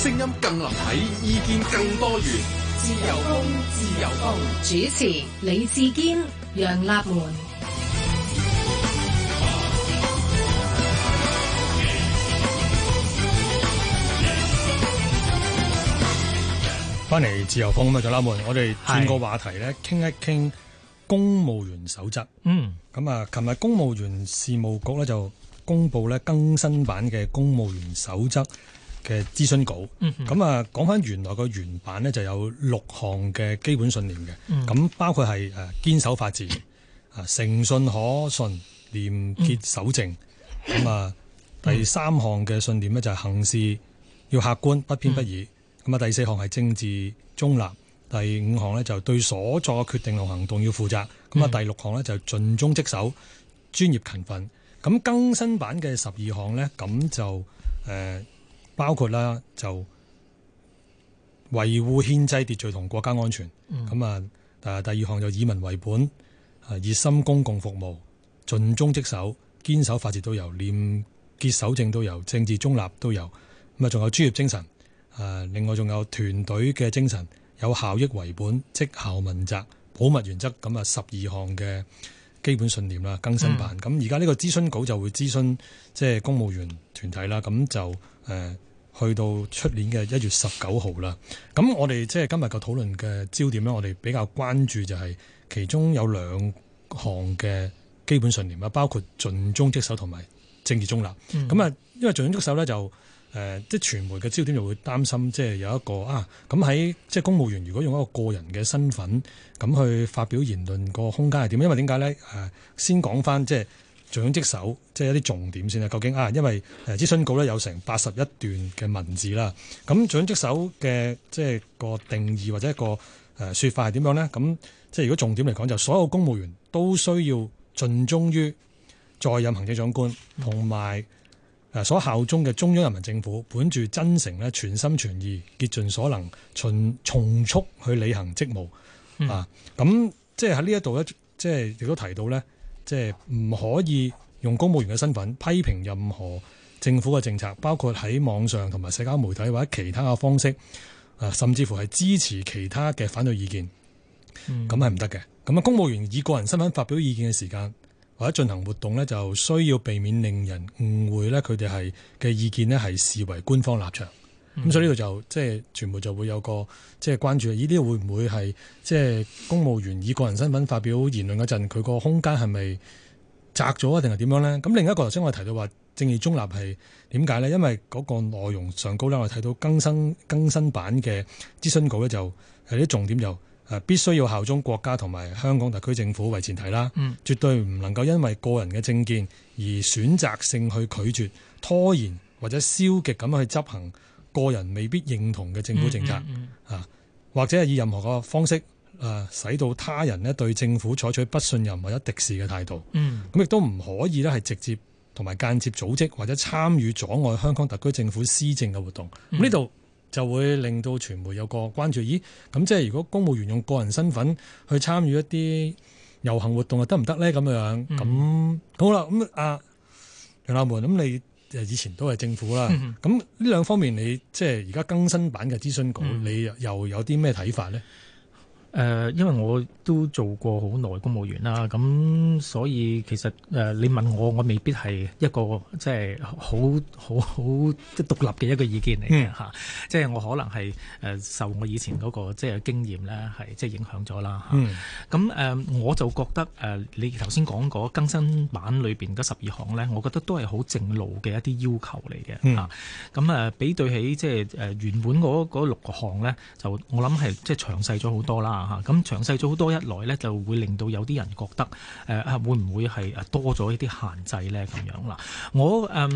聲音更立體，意見更多元。自由風，自由風。主持李志堅、楊立門。翻嚟自由風咁啊，左立門。我哋轉個話題咧，傾一傾公務員守則。嗯，咁啊，琴日公務員事務局咧就公布咧更新版嘅公務員守則。嘅諮詢稿，咁、嗯、啊，講翻原來個原版呢就有六項嘅基本信念嘅，咁、嗯、包括係誒堅守法治、啊、嗯、誠信可信、廉潔守正。咁、嗯、啊、嗯，第三項嘅信念呢就係行事要客觀、嗯、不偏不倚。咁、嗯、啊，第四項係政治中立，嗯、第五項呢就對所作決定同行動要負責。咁、嗯、啊，第六項呢就盡忠職,職守、嗯、專業勤奮。咁更新版嘅十二項呢，咁就誒。呃包括啦，就維護憲制秩序同國家安全。咁、嗯、啊，誒第二項就以民為本，誒熱心公共服務，盡忠職守，堅守法治都有，廉潔守正都有，政治中立都有。咁啊，仲有專業精神。誒，另外仲有團隊嘅精神，有效益為本，績效問責，保密原則。咁啊，十二項嘅基本信念啦，更新版。咁而家呢個諮詢稿就會諮詢即係公務員團體啦。咁就誒。呃去到出年嘅一月十九號啦。咁我哋即係今日個討論嘅焦點呢，我哋比較關注就係其中有兩項嘅基本信念啊，包括盡忠職守同埋政治中立。咁、嗯、啊，因為盡忠職守呢，就即係傳媒嘅焦點就會擔心，即係有一個啊。咁喺即係公務員，如果用一個個人嘅身份咁去發表言論，個空間係點？因為點解呢？先講翻即係。掌職守即係一啲重點先啦。究竟啊，因為誒諮詢稿咧有成八十一段嘅文字啦。咁掌職守嘅即係個定義或者一個誒説法係點樣呢？咁即係如果重點嚟講，就所有公務員都需要盡忠於在任行政長官同埋所效忠嘅中央人民政府，本住真誠咧，全心全意、竭盡所能，從從速去履行職務、嗯、啊。咁即係喺呢一度咧，即係亦都提到呢。即係唔可以用公務員嘅身份批評任何政府嘅政策，包括喺網上同埋社交媒體或者其他嘅方式，啊，甚至乎係支持其他嘅反對意見，咁係唔得嘅。咁啊，公務員以個人身份發表意見嘅時間或者進行活動呢，就需要避免令人誤會咧，佢哋係嘅意見呢，係視為官方立場。咁、嗯、所以呢度就即係、就是、傳媒就會有個即係、就是、關注。呢啲會唔會係即係公務員以個人身份發表言論嗰陣，佢個空間係咪窄咗啊？定係點樣咧？咁另一個頭先我提到話政治中立係點解咧？因為嗰個內容上高咧，我睇到更新更新版嘅諮詢稿咧，就係啲重點就誒、呃、必須要效忠國家同埋香港特區政府為前提啦、嗯。絕對唔能夠因為個人嘅政見而選擇性去拒絕、拖延或者消極咁去執行。個人未必認同嘅政府政策啊、嗯嗯嗯，或者係以任何個方式誒，使到他人咧對政府採取不信任或者敵視嘅態度。嗯，咁亦都唔可以咧係直接同埋間接組織或者參與阻礙香港特區政府施政嘅活動。呢、嗯、度就會令到傳媒有個關注。咦，咁即係如果公務員用個人身份去參與一啲遊行活動係得唔得呢？咁樣咁、嗯、好啦。咁啊楊柳梅，咁你？以前都係政府啦，咁呢兩方面你即係而家更新版嘅諮詢稿，你又有啲咩睇法呢？誒、呃，因為我都做過好耐公務員啦，咁所以其實誒、呃，你問我，我未必係一個即係好好好即獨立嘅一個意見嚟嘅、嗯啊、即係我可能係、呃、受我以前嗰、嗰個即係經驗咧，係即係影響咗啦嚇。咁、啊、誒、嗯呃，我就覺得誒、呃，你頭先講嗰更新版裏面嗰十二項咧，我覺得都係好正路嘅一啲要求嚟嘅嚇。咁、嗯、誒、啊，比對起即係、呃、原本嗰個六項咧，就我諗係即係詳細咗好多啦。咁詳細咗好多一來咧，就會令到有啲人覺得，誒、呃、啊，會唔會係多咗一啲限制咧？咁樣啦，我、呃、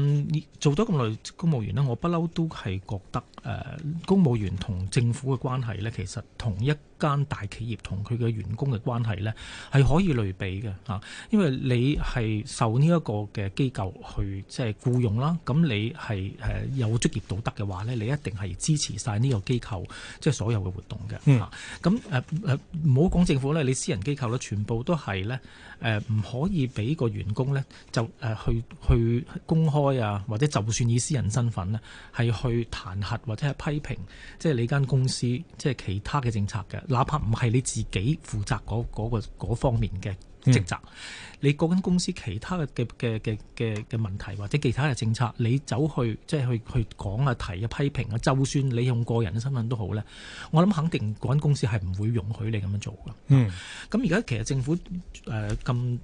做咗咁耐公務員呢，我不嬲都係覺得、呃，公務員同政府嘅關係咧，其實同一間大企業同佢嘅員工嘅關係呢，係可以類比嘅嚇，因為你係受呢一個嘅機構去即係僱傭啦，咁你係誒有職業道德嘅話呢，你一定係支持晒呢個機構即係所有嘅活動嘅嚇，咁誒誒，唔好講政府咧，你私人機構咧，全部都係呢。誒唔、呃、可以俾個員工呢，就誒、呃、去去公開啊，或者就算以私人身份呢、啊，係去彈劾或者係批評，即係你間公司即係其他嘅政策嘅，哪怕唔係你自己負責嗰、那個那個方面嘅。職責，嗯、你嗰間公司其他嘅嘅嘅嘅嘅問題或者其他嘅政策，你走去即係去去講啊提啊批評啊，就算你用個人嘅身份都好咧，我諗肯定嗰間公司係唔會容許你咁樣做噶。嗯，咁而家其實政府誒咁。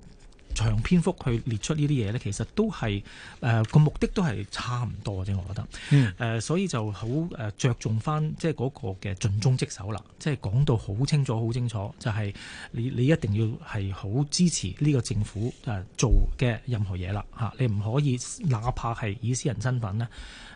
長篇幅去列出呢啲嘢，其實都係誒個目的都係差唔多啫，我覺得。嗯呃、所以就好誒着重翻即係嗰個嘅盡忠職守啦，即係講到好清楚、好清楚，就係、是、你你一定要係好支持呢個政府誒做嘅任何嘢啦嚇，你唔可以哪怕係以私人身份呢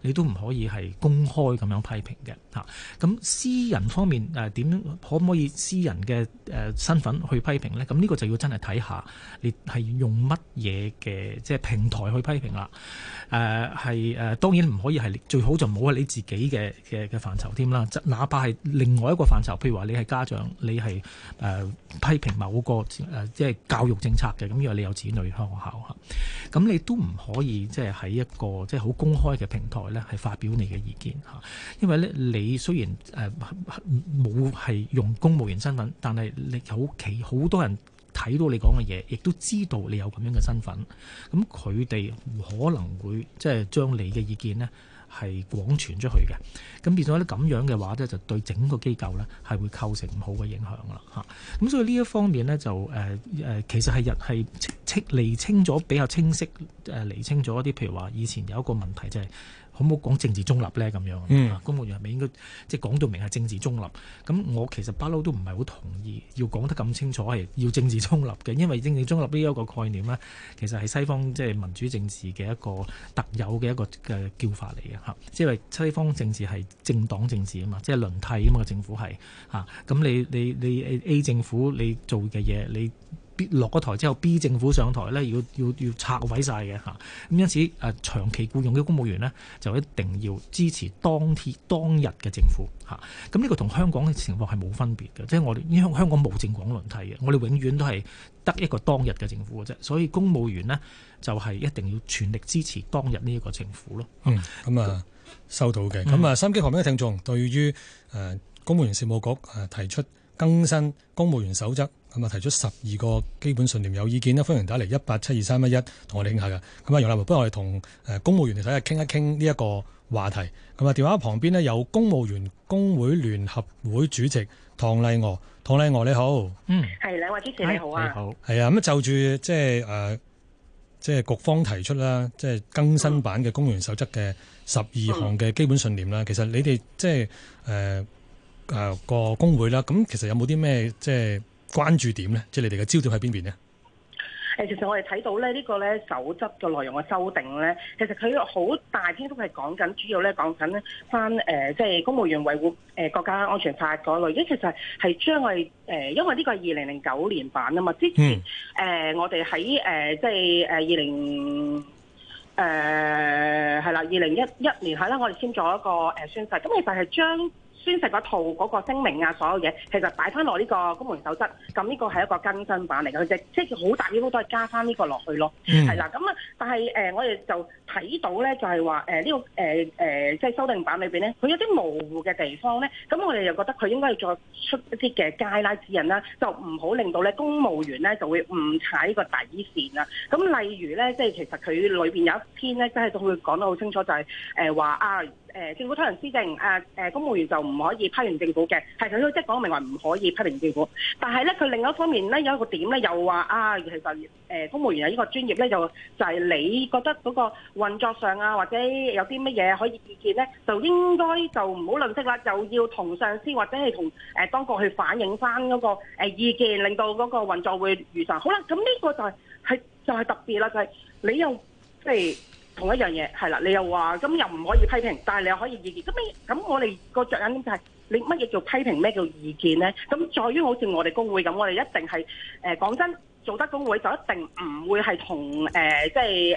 你都唔可以係公開咁樣批評嘅嚇。咁私人方面誒點樣、呃、可唔可以私人嘅誒、呃、身份去批評咧？咁呢個就要真係睇下你係用乜嘢嘅即係平台去批評啦。誒係誒當然唔可以係最好就冇喺你自己嘅嘅嘅範疇添啦。哪怕係另外一個範疇，譬如話你係家長，你係誒、呃、批評某個誒即係教育政策嘅，咁因為你有子女喺學校嚇，咁你都唔可以即係喺一個即係好公開嘅平台。咧係發表你嘅意見嚇，因為咧你雖然誒冇係用公務員身份，但係你喺屋企好多人睇到你講嘅嘢，亦都知道你有咁樣嘅身份，咁佢哋可能會即係將你嘅意見呢係廣傳出去嘅，咁變咗咧咁樣嘅話咧，就對整個機構咧係會構成唔好嘅影響啦嚇。咁所以呢一方面呢，就誒誒，其實係日係釐清咗比較清晰誒，釐清咗一啲譬如話以前有一個問題就係、是。好唔好講政治中立咧？咁樣、嗯、公務員係咪應該即係講到明係政治中立？咁我其實不嬲都唔係好同意要講得咁清楚係要政治中立嘅，因為政治中立呢一個概念咧，其實係西方即係民主政治嘅一個特有嘅一個嘅叫法嚟嘅嚇。即係西方政治係政黨政治啊嘛，即係輪替啊嘛，政府係咁你你你 A 政府你做嘅嘢你。落咗台之後，B 政府上台呢，要要要拆毀晒嘅吓。咁因此誒、呃，長期雇傭嘅公務員呢，就一定要支持當天當日嘅政府吓。咁、啊、呢個同香港嘅情況係冇分別嘅，即、就、係、是、我哋因香港冇政黨輪替嘅，我哋永遠都係得一個當日嘅政府嘅啫。所以公務員呢，就係、是、一定要全力支持當日呢一個政府咯、啊。嗯，咁啊收到嘅。咁、嗯、啊，收音機旁邊嘅聽眾，對於誒公務員事務局誒提出。更新公務員守則，咁啊、嗯，提出十二個基本信念有意見咧，歡迎打嚟一八七二三一一同我哋傾下㗎。咁、嗯、啊，楊立華，不如我哋同誒公務員嚟睇下傾一傾呢一個話題。咁、嗯、啊，電話旁邊呢，有公務員工會聯合會主席唐麗娥。唐麗娥你好。嗯，係兩位主持你好啊，好，係啊。咁就住即係誒，即係局方提出啦，即係更新版嘅公務員守則嘅十二項嘅基本信念啦、嗯嗯。其實你哋即係誒。呃誒個工會啦，咁其實有冇啲咩即係關注點咧？即係你哋嘅焦點喺邊邊咧？誒，其實我哋睇到咧，呢個咧守則嘅內容嘅修訂咧，其實佢好大篇幅係講緊，主要咧講緊返誒，即係公務員維護誒國家安全法嗰類嘅、嗯呃，其實係將我哋誒，因為呢個係二零零九年版啊嘛，之前誒我哋喺誒即係誒二零誒係啦，二零一一年係啦，我哋簽咗一個誒宣誓，咁其實係將。宣誓嗰套嗰個聲明啊，所有嘢其實擺翻落呢個公務員守則，咁呢個係一個更新版嚟嘅啫，即係好大於好都係加翻呢個落去咯。係、嗯、啦，咁啊，但係誒、呃，我哋就睇到咧，就係話誒呢個誒即係修訂版裏面咧，佢有啲模糊嘅地方咧，咁我哋就覺得佢應該要再出一啲嘅街拉指引啦，就唔好令到咧公務員咧就會誤踩呢個底線啦。咁例如咧，即、就、係、是、其實佢裏面有一篇咧，真係都會講得好清楚，就係誒話啊。呃誒、呃、政府推行施政，誒、呃、誒公務員就唔可以批評政府嘅，係佢即係講明話唔可以批評政府。但係咧，佢另一方面咧有一個點咧，又話啊，其實誒、呃、公務員係呢個專業咧，就就係、是、你覺得嗰個運作上啊，或者有啲乜嘢可以意見咧，就應該就唔好吝嗇啦，就要同上司或者係同誒當局去反映翻嗰個意見，令到嗰個運作會如常。好啦，咁呢個就係、是、係就係、是、特別啦，就係、是、你又即係。欸同一樣嘢係啦，你又話咁又唔可以批評，但係你又可以意見咁，咁我哋個着眼點就係、是、你乜嘢叫批評，咩叫意見咧？咁在於好似我哋工會咁，我哋一定係誒講真，做得工會就一定唔會係同誒即係誒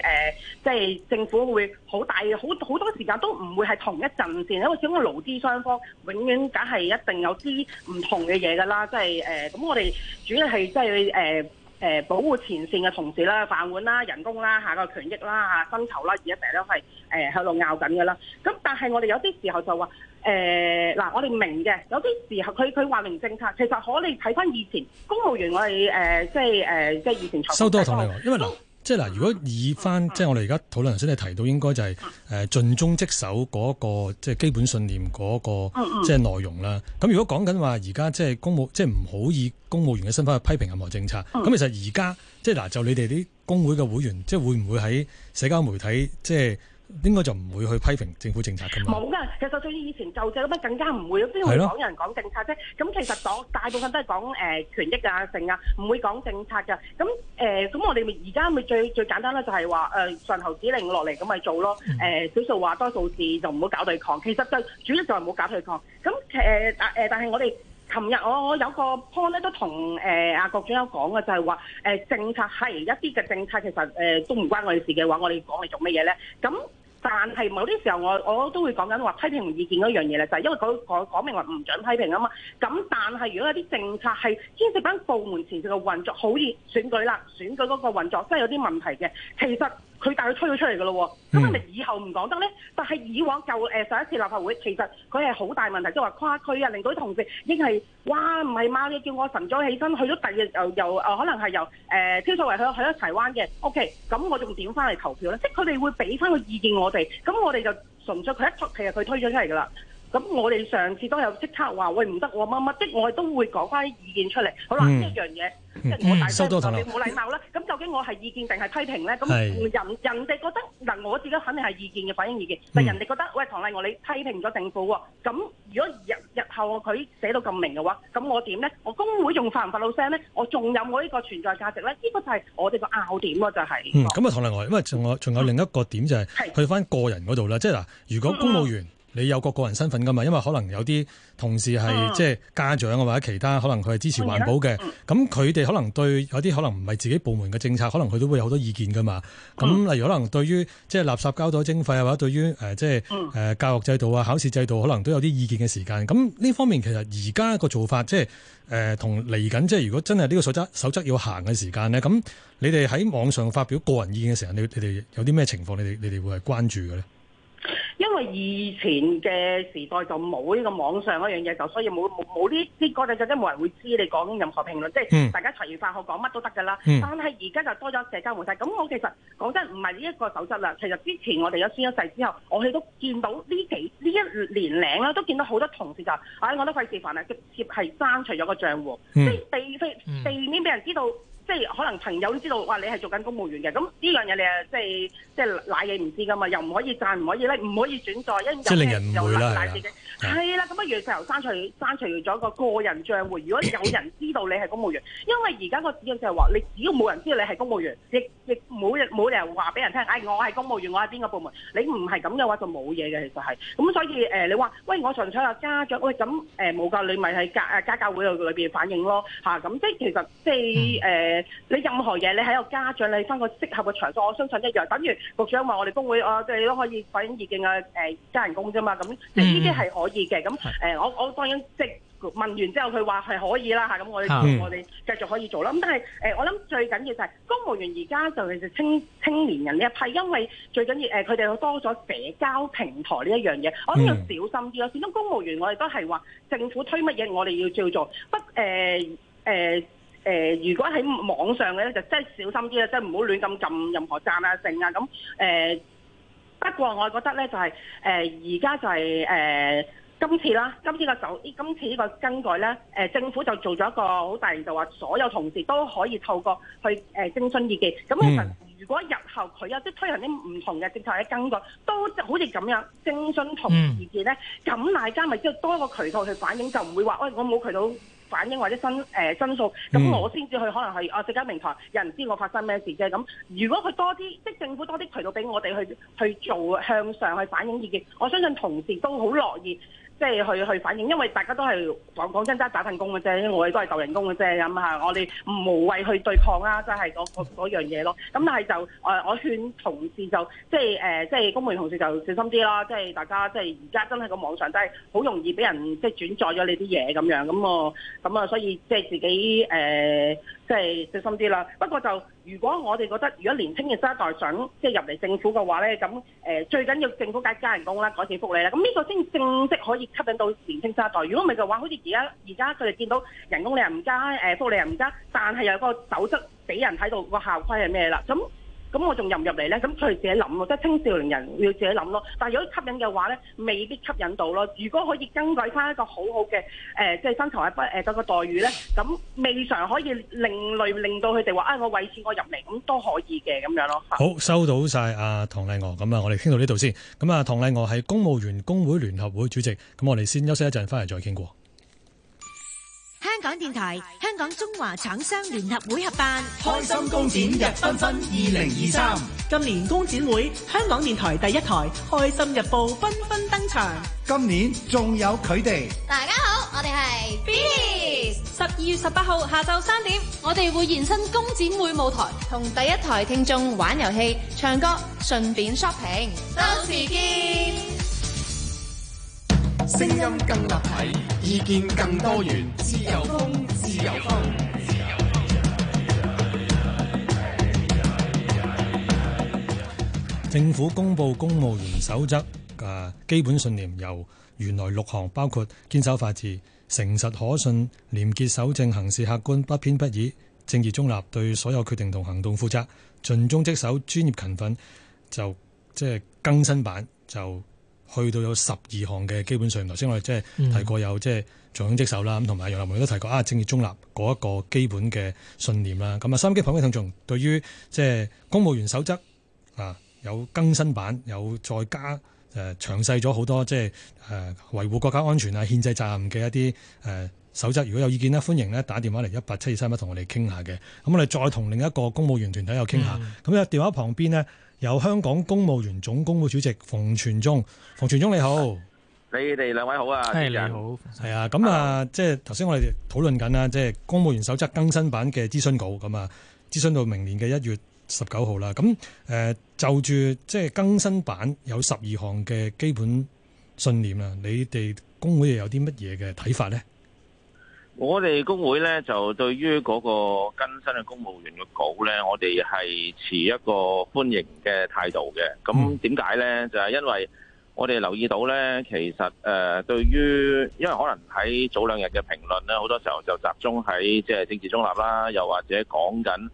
即係政府會好大好好多時間都唔會係同一陣線，因為整個勞資雙方永遠梗係一定有啲唔同嘅嘢噶啦，即係誒咁我哋主要係即係誒。即係誒誒保護前線嘅同事啦、飯碗啦、人工啦下個權益啦嚇、薪酬啦，而家成日都係誒喺度拗緊㗎啦。咁、呃、但係我哋有啲時候就話誒嗱，我哋明嘅，有啲時候佢佢話明政策，其實可你睇翻以前公務員我哋誒、呃、即係誒、呃、即係以前收。多到同冇因為。即係嗱，如果以翻即係我哋而家討論先，你提到應該就係、誒、盡忠職守嗰個即係基本信念嗰個即係內容啦。咁、嗯、如果講緊話而家即係公務，即係唔好以公務員嘅身份去批評任何政策。咁、嗯、其實而家即係嗱，就你哋啲工會嘅會員，即係會唔會喺社交媒體即係？應該就唔會去批評政府政策噶嘛。冇噶，其實最以前舊時咁樣更加唔會咯，邊會港人講政策啫？咁其實講大部分都係講誒權益啊、成啊，唔會講政策噶。咁誒咁我哋咪而家咪最最簡單咧，就係話誒上頭指令落嚟咁咪做咯。誒、嗯、少、呃、數話多數字就唔好搞對抗，其實就主要就係唔好搞對抗。咁誒誒，但係我哋。琴日我我有個 point 咧，都同誒阿郭長有講嘅，就係話誒政策係一啲嘅政策其實誒都唔關我哋事嘅話，我哋講係做咩嘢咧？咁但係某啲時候我我都會講緊話批評意見嗰樣嘢咧，就係、是、因為佢講講明話唔準批評啊嘛。咁但係如果有啲政策係牽涉緊部門前線嘅運作，好似選舉啦，選舉嗰個運作真係有啲問題嘅，其實。佢但佢推咗出嚟噶咯，咁咪以後唔講得咧。但係以往就、呃、上一次立法會，其實佢係好大問題，即係話跨區啊，令到啲同事已經係哇唔係嘛，你叫我晨早起身去咗第二日又又、呃呃、可能係由誒天水圍去去咗柴灣嘅 OK，咁我仲點翻嚟投票咧？即係佢哋會俾翻個意見我哋，咁我哋就純粹佢一出，其實佢推咗出嚟噶啦。咁我哋上次都有即刻話喂，唔得，我乜乜的，我都會講翻啲意見出嚟。好啦，呢一樣嘢、嗯嗯，收到。我大冇禮貌啦。咁究竟我係意見定係批評咧？咁人人哋覺得嗱，我自己肯定係意見嘅，反映意見。嗯、但人哋覺得喂，唐麗娥，你批評咗政府喎？咁如果日日後佢寫到咁明嘅話，咁我點咧？我工會仲發唔發到聲咧？我仲有冇呢個存在價值咧？呢個就係、是嗯、我哋個拗點咯，就係。咁啊，唐麗娥，因為仲有仲有另一個點就係、是嗯、去翻個人嗰度啦，即係嗱，如果公務員。嗯你有個個人身份噶嘛？因為可能有啲同事係即係家長啊，或者其他可能佢係支持環保嘅，咁佢哋可能對有啲可能唔係自己部門嘅政策，可能佢都會有好多意見噶嘛。咁例如可能對於即係垃圾膠袋徵費啊，或者對於即係教育制度啊、考試制度，可能都有啲意見嘅時間。咁呢方面其實而家個做法即係誒同嚟緊，即係、呃、如果真係呢個守則守則要行嘅時間咧，咁你哋喺網上發表個人意見嘅時候，你哋有啲咩情況你？你哋你哋會係關注嘅咧？因為以前嘅時代就冇呢個網上嗰樣嘢，就所以冇冇呢啲嗰陣就真冇人會知道你講任何評論，嗯、即係大家隨意化可講乜都得噶啦。但係而家就多咗社交媒體，咁我其實講真唔係呢一個守則啦，其實之前我哋有先一世之後，我哋都見到呢幾呢一年零啦，都見到好多同事就，唉、哎，我都費事煩啦，直接係刪除咗個賬戶，嗯、即係避避避免俾人知道。即係可能朋友都知道，哇！你係做緊公務員嘅，咁呢樣嘢你啊，即係即係賴嘢唔知噶嘛，又唔可以讚，唔可以咧，唔可以轉載，因為有人唔賴自己。係啦，咁啊，不如就刪除刪除咗個個人賬戶，如果有人知道你係公務員， 因為而家個指引就係、是、話，你只要冇人知道你係公務員，亦亦冇冇人話俾人聽，唉、哎，我係公務員，我喺邊個部門？你唔係咁嘅話，就冇嘢嘅，其實係。咁所以誒、呃，你話，喂，我純粹係家長，喂，咁誒冇㗋，你咪喺家家教會度裏邊反映咯，吓、啊，咁即係其實即係誒。呃嗯你任何嘢，你喺個家長，你翻個適合嘅場所，我相信一樣。等於局長話我哋工會，我哋都可以反映意見嘅，誒、呃、加人工啫嘛。咁你呢啲係可以嘅。咁誒、呃，我我當然即係問完之後，佢話係可以啦吓。咁、啊、我哋、mm -hmm. 我哋繼續可以做啦。咁但係誒、呃，我諗最緊要就係公務員而家就係就青青年人呢一批，因為最緊要誒，佢、呃、哋多咗社交平台呢一樣嘢，我諗要小心啲咯。始、mm、終 -hmm. 公務員我哋都係話政府推乜嘢，我哋要照做。不誒誒。呃呃誒、呃，如果喺網上嘅咧，就真係小心啲啦，真係唔好亂咁撳任何站啊、剩啊咁。誒、呃，不過我覺得咧就係、是、誒，而、呃、家就係、是、誒、呃、今次啦，今次個走，今次呢個更改咧，誒、呃、政府就做咗一個好大型，就話所有同事都可以透過去誒、呃、徵詢意見。咁其實如果日後佢有、mm. 即係推行啲唔同嘅政策嘅更改，都好似咁樣徵詢同事意見咧，咁大家咪即係多一個渠道去反映，就唔會話、哎、我我冇渠道。反映或者申誒申訴，咁我先至去可能係啊，社交平台有人知我發生咩事啫。咁如果佢多啲，即係政府多啲渠道俾我哋去去做向上去反映意見，我相信同事都好樂意。即係去去反映，因為大家都係講講真真打份工嘅啫，我哋都係舊人工嘅啫，咁吓，我哋唔無謂去對抗啦，啊，即係嗰樣嘢咯。咁但係就誒，我勸同事就即係誒，即係公務員同事就小心啲啦。即係大家即係而家真係個網上真係好容易俾人即係轉載咗你啲嘢咁樣，咁啊咁啊，所以即係自己誒。呃即係小心啲啦。不過就如果我哋覺得如果年輕嘅世代想即係入嚟政府嘅話咧，咁、呃、最緊要政府梗加人工啦，改善福利啦，咁呢個先正式可以吸引到年輕世代。如果唔係嘅話，好似而家而家佢哋見到人工你又唔加、呃，福利又唔加，但係有個守則俾人睇到個校規係咩啦？咁咁我仲入唔入嚟呢？咁佢哋自己諗咯，即係青少年人要自己諗咯。但係如果吸引嘅話呢，未必吸引到咯。如果可以更改翻一個好好嘅誒，即係薪酬啊不誒嗰個待遇呢，咁未嘗可以另類令到佢哋話啊，我為錢我入嚟，咁都可以嘅咁樣咯。好，收到曬啊，唐麗娥。咁啊，我哋傾到呢度先。咁啊，唐麗娥係公務員工會聯合會主席。咁我哋先休息一陣，翻嚟再傾過。香港電台、香港中華廠商聯合會合辦開心工展日紛紛二零二三，今年工展會，香港電台第一台《開心日報》紛紛登場。今年仲有佢哋，大家好，我哋係 BTS。十二月十八號下晝三點，我哋會現身工展會舞台，同第一台聽眾玩遊戲、唱歌，順便 shopping，到時見。聲音更立體，意見更多元，自由風，自由風，自由風。政府公布公務員守則嘅基本信念，由原來六項，包括堅守法治、誠實可信、廉潔守正、行事客觀、不偏不倚、政治中立、對所有決定同行動負責、盡忠職守、專業勤奮，就即係、就是、更新版就。去到有十二項嘅基本上，頭先我哋即係提過有即係盡忠職守啦，咁同埋楊立文都提過啊，政治中立嗰一個基本嘅信念啦。咁、嗯、啊，收音機旁邊聽眾對於即係、就是、公務員守則啊，有更新版，有再加誒、呃、詳細咗好多，即係誒維護國家安全啊、憲制責任嘅一啲誒、呃、守則。如果有意見呢，歡迎呢打電話嚟一八七二三一，同我哋傾下嘅。咁我哋再同另一個公務員團體又傾下。咁、嗯、咧電話旁邊呢。由香港公務員總工會主席馮傳宗。馮傳宗你好。你哋兩位好啊。你好。係啊，咁啊，即係頭先我哋討論緊啦，即係公務員守則更新版嘅諮詢稿，咁啊，諮詢到明年嘅一月十九號啦，咁誒就住即係更新版有十二項嘅基本信念啊。你哋工會又有啲乜嘢嘅睇法呢？我哋工會呢就對於嗰個更新嘅公務員嘅稿呢，我哋係持一個歡迎嘅態度嘅。咁點解呢？就係因為我哋留意到呢，其實誒，對於因為可能喺早兩日嘅評論呢，好多時候就集中喺即係政治中立啦，又或者講緊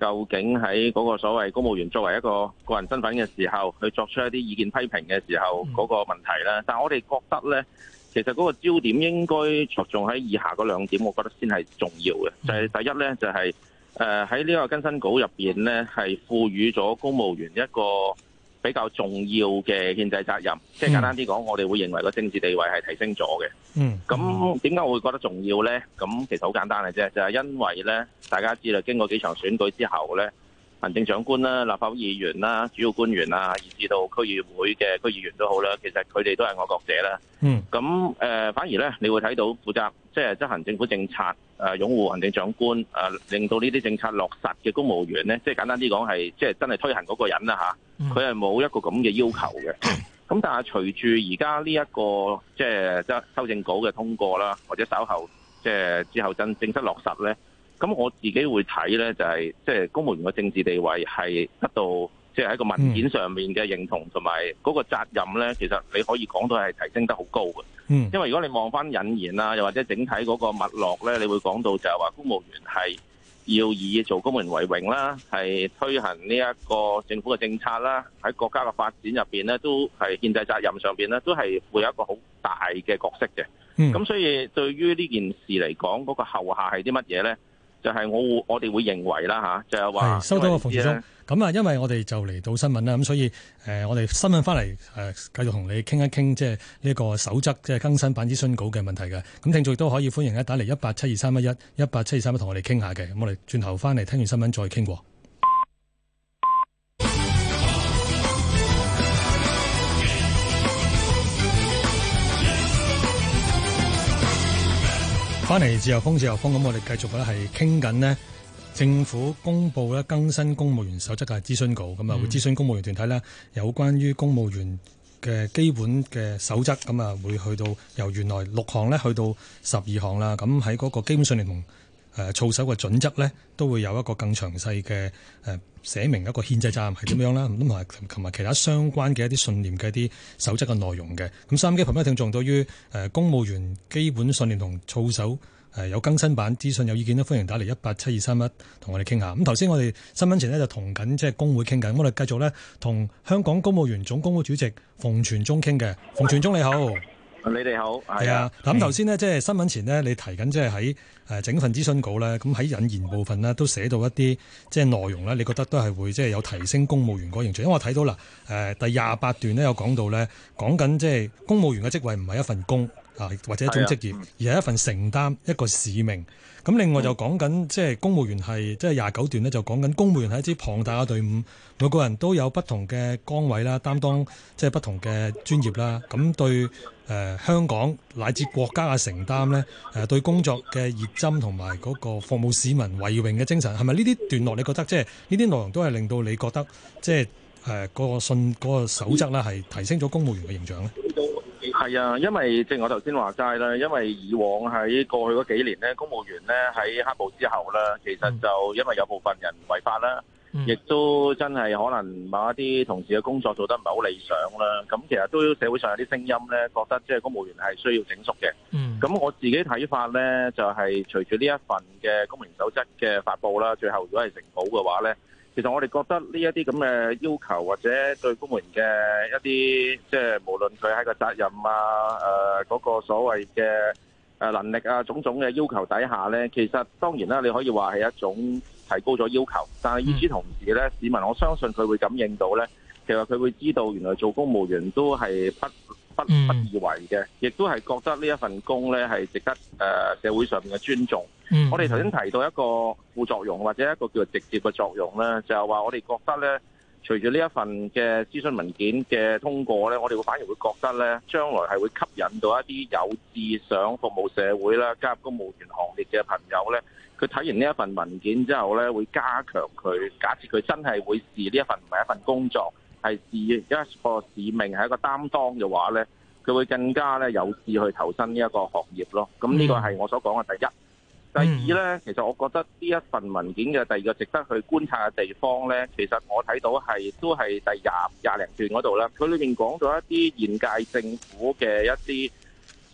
究竟喺嗰個所謂公務員作為一個個人身份嘅時候，去作出一啲意見批評嘅時候嗰個問題啦。但係我哋覺得呢。其實嗰個焦點應該着重喺以下嗰兩點，我覺得先係重要嘅。就係第一呢，就係誒喺呢個更新稿入邊呢，係賦予咗公務員一個比較重要嘅憲制責任。即係簡單啲講，嗯，我哋會認為個政治地位係提升咗嘅。嗯，咁點解我會覺得重要呢？咁其實好簡單嘅啫，就係因為呢，大家知道，經過幾場選舉之後呢。行政長官啦、立法會議員啦、主要官員啊，以至到區議會嘅區議員都好啦，其實佢哋都係愛國者啦。嗯。咁、呃、反而咧，你會睇到負責即係執行政府政策、誒、呃、擁護行政長官、呃、令到呢啲政策落實嘅公務員咧，即係簡單啲講係，即係真係推行嗰個人啦吓。佢係冇一個咁嘅要求嘅。咁、嗯、但係隨住而家呢一個即係修修正稿嘅通過啦，或者稍後即係之後正式落實咧。咁我自己會睇呢，就係即係公務員嘅政治地位係得到，即係喺個文件上面嘅認同，同埋嗰個責任呢。其實你可以講到係提升得好高嘅、嗯。因為如果你望翻引言啦，又或者整體嗰個脈絡呢，你會講到就係話公務員係要以做公務員為榮啦，係推行呢一個政府嘅政策啦，喺國家嘅發展入面呢，都係憲制責任上面呢，都係會有一個好大嘅角色嘅。咁、嗯、所以對於呢件事嚟講，嗰、嗰個後下係啲乜嘢呢？就係、是、我會我哋會認為啦吓、啊，就係、是、話收到個馮傳宗。咁啊，因為我哋就嚟到新聞啦，咁所以誒，我哋新聞翻嚟誒，繼續同你傾一傾，即係呢個守則即係更新版諮詢稿嘅問題嘅。咁聽眾亦都可以歡迎來來 187231, 187231一打嚟，一八七二三一一一八七二三一，同我哋傾下嘅。咁我哋轉頭翻嚟聽完新聞再傾過。翻嚟自由風，自由風。咁，我哋繼續咧係傾緊呢政府公布咧更新公務員守則嘅諮詢稿，咁啊會諮詢公務員團體呢有關於公務員嘅基本嘅守則，咁啊會去到由原來六項呢去到十二項啦，咁喺嗰個基本信念誒操守嘅準則咧，都會有一個更詳細嘅誒、呃、寫明一個憲制站係點樣啦，咁同埋同埋其他相關嘅一啲信念嘅一啲守則嘅內容嘅。咁三基頻道嘅聽眾對於誒、呃、公務員基本信念同操守誒有更新版諮詢有意見咧，歡迎打嚟一八七二三一同我哋傾下。咁頭先我哋新聞前呢，就同緊即係工會傾緊，咁我哋繼續咧同香港公務員總工會主席馮傳宗傾嘅。馮傳宗你好。你哋好，係啊。咁頭先呢，即係新聞前呢，你提緊即係喺誒整份諮詢稿咧，咁喺引言部分呢，都寫到一啲即係內容咧。你覺得都係會即係有提升公務員嗰個形象？因為我睇到啦誒，第廿八段咧有講到咧，講緊即係公務員嘅職位唔係一份工。啊，或者一種職業，而係一份承擔一個使命。咁另外就講緊即係公務員係即係廿九段呢，就講、是、緊公務員係一支龐大嘅隊伍，每個人都有不同嘅崗位啦，擔當即係、就是、不同嘅專業啦。咁對誒、呃、香港乃至國家嘅承擔呢，誒、呃、對工作嘅熱心同埋嗰個服務市民、為榮嘅精神，係咪呢啲段落你覺得即係呢啲內容都係令到你覺得即係誒嗰個信嗰、那個守則呢，係提升咗公務員嘅形象呢？係啊，因為正如我頭先話齋啦，因為以往喺過去嗰幾年咧，公務員咧喺黑暴之後咧，其實就因為有部分人違法啦，亦都真係可能某一啲同事嘅工作做得唔係好理想啦，咁其實都社會上有啲聲音咧，覺得即係公務員係需要整縮嘅。咁我自己睇法咧，就係隨住呢一份嘅公務員守則嘅發布啦，最後如果係成稿嘅話咧。其實我哋覺得呢一啲咁嘅要求，或者對公務員嘅一啲，即係無論佢喺個責任啊，誒嗰個所謂嘅誒能力啊，種種嘅要求底下咧，其實當然啦，你可以話係一種提高咗要求，但係與此同時咧，嗯，市民我相信佢會感應到咧，其實佢會知道原來做公務員都係不不不以為嘅，亦都係覺得呢一份工咧係值得誒社會上面嘅尊重。我哋頭先提到一個副作用或者一個叫做直接嘅作用咧，就係話我哋覺得咧，隨住呢一份嘅諮詢文件嘅通過咧，我哋會反而會覺得咧，將來係會吸引到一啲有志想服務社會啦、加入公務員行列嘅朋友咧，佢睇完呢一份文件之後咧，會加強佢假設佢真係會視呢一份唔係一份工作，係視一個使命，係一個擔當嘅話咧，佢會更加咧有志去投身呢一個行業咯。咁呢個係我所講嘅第一。第二咧，其實我覺得呢一份文件嘅第二個值得去觀察嘅地方咧，其實我睇到係都係第廿廿零段嗰度啦。佢裏邊講咗一啲現屆政府嘅一啲誒、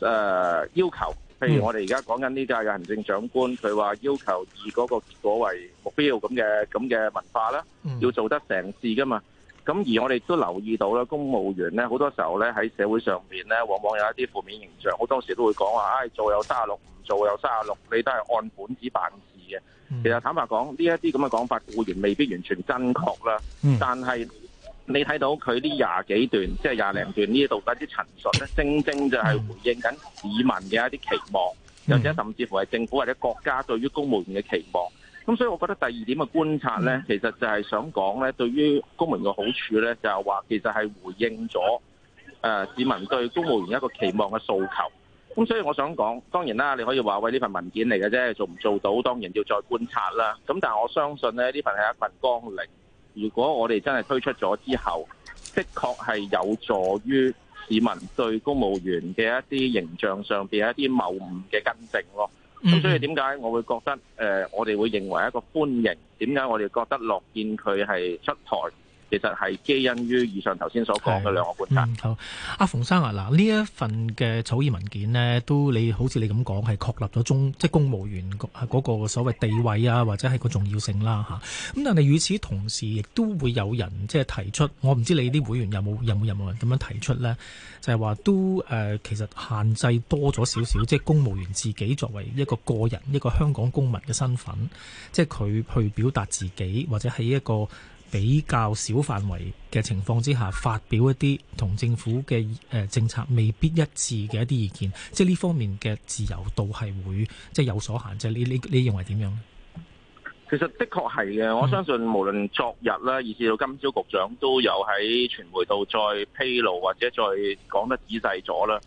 呃、要求，譬如我哋而家講緊呢屆嘅行政長官，佢話要求以嗰個結果為目標咁嘅咁嘅文化啦，要做得成事㗎嘛。咁而我哋都留意到啦，公務員咧好多時候咧喺社會上面咧，往往有一啲負面形象，好多時都會講話，唉、哎，做有三十六，唔做有三十六，你都係按本子辦事嘅。其實坦白講，呢一啲咁嘅講法固然未必完全真確啦，但係你睇到佢呢廿幾段，即係廿零段呢度啲陳述咧，正正就係回應緊市民嘅一啲期望，又或者甚至乎係政府或者國家對於公務員嘅期望。咁所以，我覺得第二點嘅觀察咧，其實就係想講咧，對於公務員嘅好處咧，就係話其實，係回應咗誒市民對公務員一個期望嘅訴求。咁所以我想講，當然啦，你可以話，喂，呢份文件嚟嘅啫，做唔做到當然要再觀察啦。咁但係我相信咧，呢份係一份綱領。如果我哋真係推出咗之後，的確係有助於市民對公務員嘅一啲形象上邊一啲謬誤嘅更正咯。咁所以點解我會覺得，誒、呃，我哋會認為一個歡迎，點解我哋覺得樂見佢係出台？其實係基於以上頭先所講嘅兩個觀察。好，阿馮生啊，嗱呢一份嘅草擬文件呢，都你好似你咁講，係確立咗中即係公務員嗰個所謂地位啊，或者係個重要性啦吓，咁但係與此同時，亦都會有人即係提出，我唔知你啲會員有冇有冇任何人咁樣提出呢？就係就係話都誒，其實限制多咗少少，即係公務員自己作為一個個人一個香港公民嘅身份，即係佢去表達自己或者係一個。比較小範圍嘅情況之下，發表一啲同政府嘅誒政策未必一致嘅一啲意見，即係呢方面嘅自由度係會即係有所限制。你你你認為點樣？其實的確係嘅，我相信無論昨日啦，以至到今朝，局長都有喺傳媒度再披露或者再講得仔細咗啦。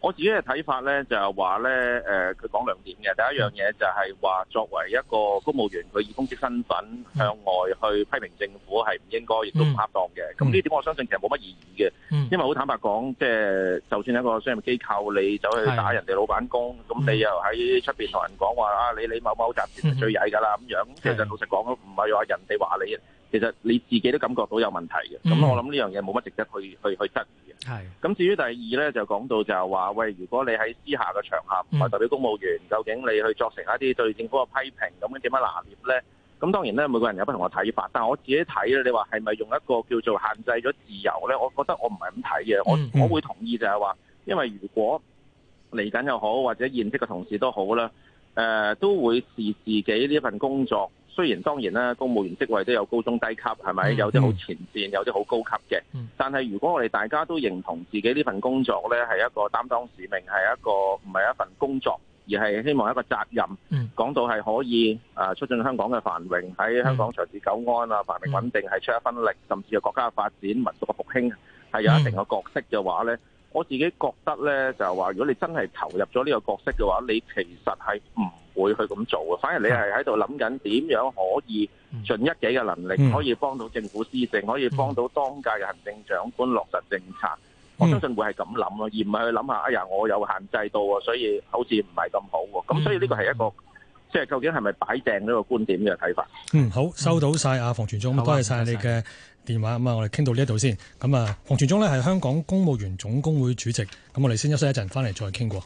我自己嘅睇法咧就係話咧，誒佢講兩點嘅，第一樣嘢就係話作為一個公務員，佢以公職身份向外去批評政府係唔應該，亦都唔恰當嘅。咁、嗯、呢點我相信其實冇乜意義嘅，因為好坦白講，即係就算係一個商業機構，你走去打人哋老闆工，咁你又喺出邊同人講話啊，你你某某集團係最曳噶啦咁樣，其實老實講唔係話人哋話你。其實你自己都感覺到有問題嘅，咁我諗呢樣嘢冇乜值得去、mm. 去去質疑嘅。係。咁至於第二咧，就講到就係話，喂，如果你喺私下嘅場合唔係代表公務員，mm. 究竟你去作成一啲對政府嘅批評，咁樣點樣拿捏咧？咁當然咧，每個人有不同嘅睇法。但係我自己睇咧，你話係咪用一個叫做限制咗自由咧？我覺得我唔係咁睇嘅。我我會同意就係話，因為如果嚟緊又好，或者現職嘅同事都好啦，誒、呃，都會視自己呢一份工作。雖然當然啦，公務員職位都有高中低級，係咪、嗯、有啲好前線，有啲好高級嘅，嗯？但係如果我哋大家都認同自己呢份工作呢，係一個擔當使命，係一個唔係一份工作，而係希望一個責任。嗯、講到係可以啊，呃，促進香港嘅繁榮，喺香港長治久安啊，繁榮穩定係、嗯、出一分力，甚至係國家嘅發展、民族嘅復興係有一定嘅角色嘅話呢、嗯，我自己覺得呢，就係話，如果你真係投入咗呢個角色嘅話，你其實係唔會去咁做嘅，反而你係喺度諗緊點樣可以盡一己嘅能力，可以幫到政府施政，嗯、可以幫到當屆嘅行政長官落實政策。嗯、我相信會係咁諗咯，而唔係去諗下啊呀，我有限制到，所以好似唔係咁好喎。咁所以呢個係一個、嗯、即係究竟係咪擺正呢個觀點嘅睇法？嗯，好，收到晒阿馮傳宗，多謝晒你嘅電話。咁啊，謝謝，我哋傾到呢一度先。咁啊，馮傳宗咧係香港公務員總工會主席。咁我哋先休息一陣，翻嚟再傾過。